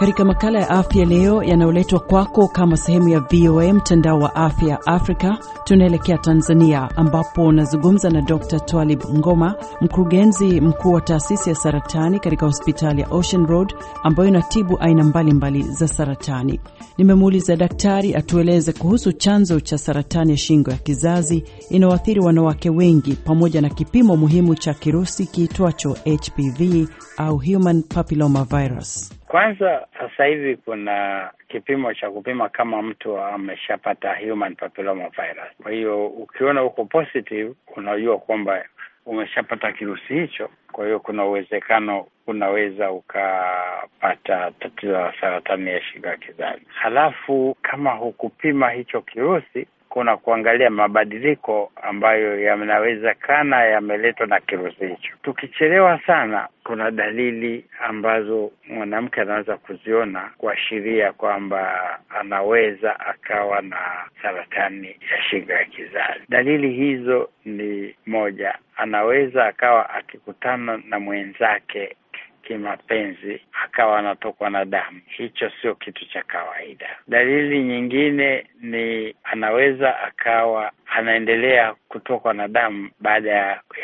katika makala ya afya leo yanayoletwa kwako kama sehemu ya VOA mtandao wa afya Afrika, tunaelekea Tanzania ambapo unazungumza na Dr Twalib Ngoma, mkurugenzi mkuu wa taasisi ya saratani katika hospitali ya Ocean Road ambayo inatibu aina mbalimbali za saratani. Nimemuuliza daktari atueleze kuhusu chanzo cha saratani ya shingo ya kizazi inayoathiri wanawake wengi pamoja na kipimo muhimu cha kirusi kiitwacho HPV au human papilloma virus. Kwanza sasa hivi kuna kipimo cha kupima kama mtu ameshapata human papilloma virus. Kwa hiyo ukiona uko positive, unajua kwamba umeshapata kirusi hicho. Kwa hiyo kuna uwezekano unaweza ukapata tatizo la saratani ya shingo ya kizazi. Halafu kama hukupima hicho kirusi, kuna kuangalia mabadiliko ambayo yanawezekana yameletwa na kirusi hicho. Tukichelewa sana, kuna dalili ambazo mwanamke anaweza kuziona kuashiria kwamba anaweza akawa na saratani ya shingo ya kizazi. Dalili hizo ni moja, anaweza akawa akikutana na mwenzake kimapenzi akawa anatokwa na damu. Hicho sio kitu cha kawaida. Dalili nyingine ni anaweza akawa anaendelea kutokwa na damu baada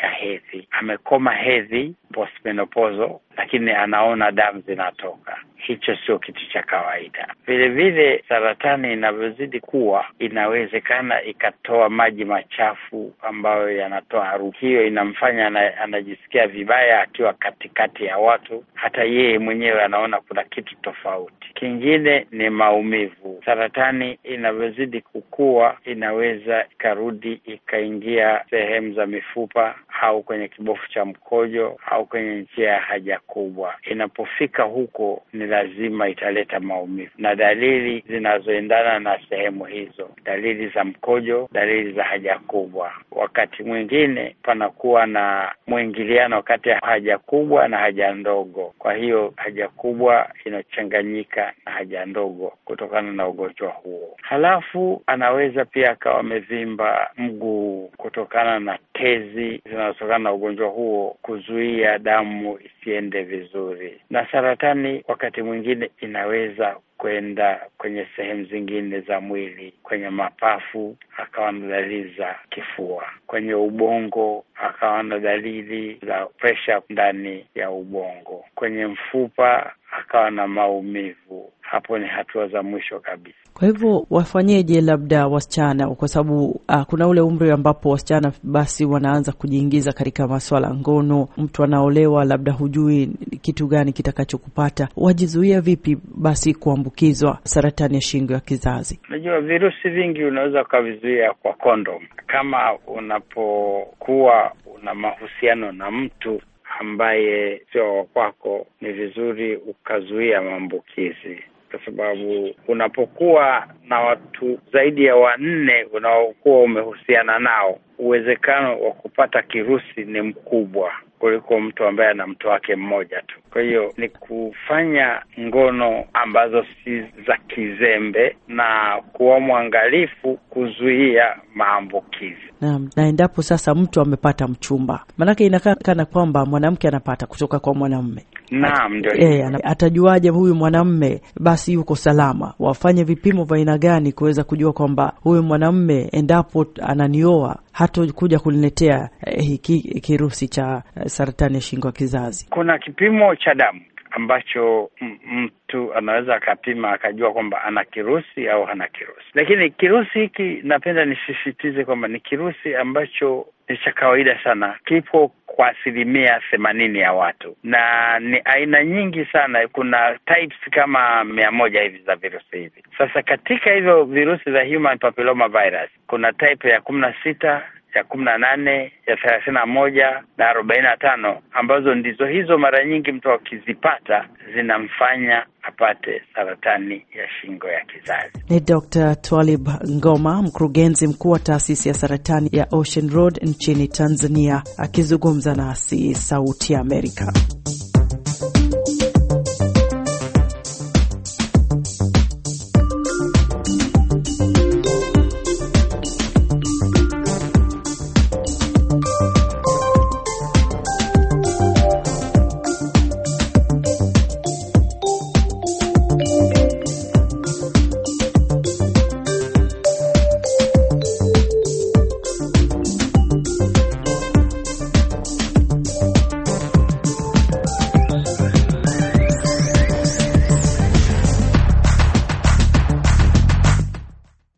ya hedhi, amekoma hedhi postmenopausal, lakini anaona damu zinatoka hicho sio kitu cha kawaida. Vilevile saratani inavyozidi kuwa, inawezekana ikatoa maji machafu ambayo yanatoa harufu hiyo, inamfanya anajisikia vibaya akiwa katikati ya watu, hata yeye mwenyewe anaona kuna kitu tofauti. Kingine ni maumivu. Saratani inavyozidi kukua, inaweza ikarudi ikaingia sehemu za mifupa au kwenye kibofu cha mkojo au kwenye njia ya haja kubwa. Inapofika huko ni lazima italeta maumivu, na dalili zinazoendana na sehemu hizo, dalili za mkojo, dalili za haja kubwa. Wakati mwingine panakuwa na mwingiliano kati ya haja kubwa na haja ndogo, kwa hiyo haja kubwa inachanganyika na haja ndogo kutokana na ugonjwa huo. Halafu anaweza pia akawa amevimba mguu kutokana na tezi zinazotokana na ugonjwa huo kuzuia damu isiende vizuri, na saratani wakati mwingine inaweza kwenda kwenye sehemu zingine za mwili, kwenye mapafu akawa na dalili za kifua, kwenye ubongo akawa na dalili za presha ndani ya ubongo, kwenye mfupa akawa na maumivu hapo ni hatua za mwisho kabisa. Kwa hivyo wafanyeje labda wasichana, kwa sababu uh, kuna ule umri ambapo wasichana basi wanaanza kujiingiza katika maswala ngono, mtu anaolewa, labda hujui kitu gani kitakachokupata. Wajizuia vipi basi kuambukizwa saratani ya shingo ya kizazi? Unajua virusi vingi unaweza ukavizuia kwa kondom. Kama unapokuwa una mahusiano na mtu ambaye sio wa kwako, ni vizuri ukazuia maambukizi kwa sababu unapokuwa na watu zaidi ya wanne unaokuwa umehusiana nao, uwezekano wa kupata kirusi ni mkubwa kuliko mtu ambaye ana mtu wake mmoja tu. Kwa hiyo ni kufanya ngono ambazo si za kizembe na kuwa mwangalifu kuzuia maambukizi. Naam, na endapo sasa mtu amepata mchumba, maanake inakaa kana kwamba mwanamke anapata kutoka kwa mwanamme Naam, ndio. E, atajuaje huyu mwanamme basi yuko salama? Wafanye vipimo vya aina gani kuweza kujua kwamba huyu mwanamme endapo ananioa hatokuja kuniletea eh, hiki kirusi cha eh, saratani ya shingo ya kizazi. Kuna kipimo cha damu ambacho mtu anaweza akapima akajua kwamba ana kirusi au hana kirusi. Lakini kirusi hiki, napenda nisisitize kwamba ni kirusi ambacho ni cha kawaida sana, kipo kwa asilimia themanini ya watu, na ni aina nyingi sana. Kuna types kama mia moja hivi za virusi hivi, sasa katika hivyo virusi vya human papilloma virus kuna type ya kumi na sita ya kumi na nane ya thelathini na moja na arobaini na tano ambazo ndizo hizo mara nyingi mtu akizipata zinamfanya apate saratani ya shingo ya kizazi. Ni Dr. Twalib Ngoma, mkurugenzi mkuu wa taasisi ya saratani ya Ocean Road nchini Tanzania, akizungumza nasi Sauti ya Amerika.